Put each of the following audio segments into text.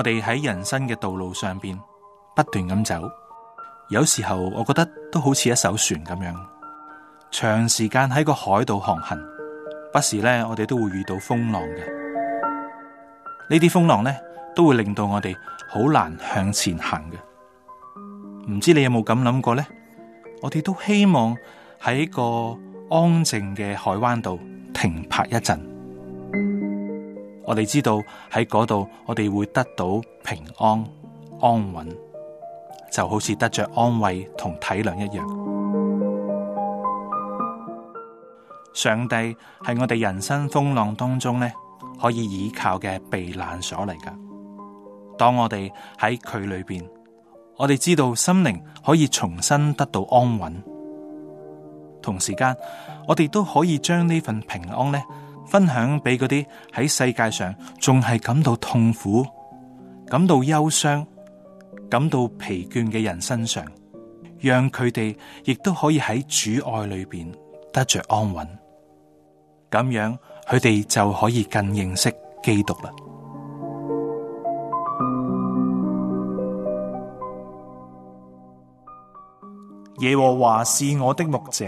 我哋喺人生嘅道路上邊不斷咁走，有時候我覺得都好似一艘船咁樣，長時間喺個海度航行，不時咧我哋都會遇到風浪嘅。呢啲風浪咧都會令到我哋好難向前行嘅。唔知你有冇咁諗過咧？我哋都希望喺個安靜嘅海灣度停泊一陣。我哋知道喺嗰度，我哋會得到平安安穩，就好似得着安慰同體諒一樣。上帝係我哋人生風浪當中咧，可以倚靠嘅避難所嚟噶。當我哋喺佢裏邊，我哋知道心靈可以重新得到安穩，同時間我哋都可以將呢份平安咧。分享俾嗰啲喺世界上仲係感到痛苦、感到憂傷、感到疲倦嘅人身上，讓佢哋亦都可以喺主愛裏邊得着安穩。咁樣，佢哋就可以更認識基督啦。耶和華是我的牧者，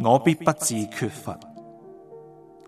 我必不至缺乏。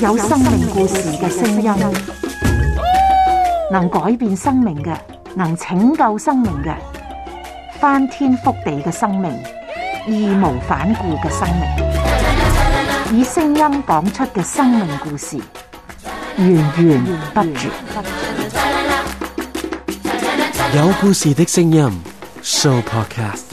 有生命故事嘅聲音，能改變生命嘅，能拯救生命嘅，翻天覆地嘅生命，義無反顧嘅生命，以聲音講出嘅生命故事，源源不絕。有故事嘅聲音，Sooo Podcast。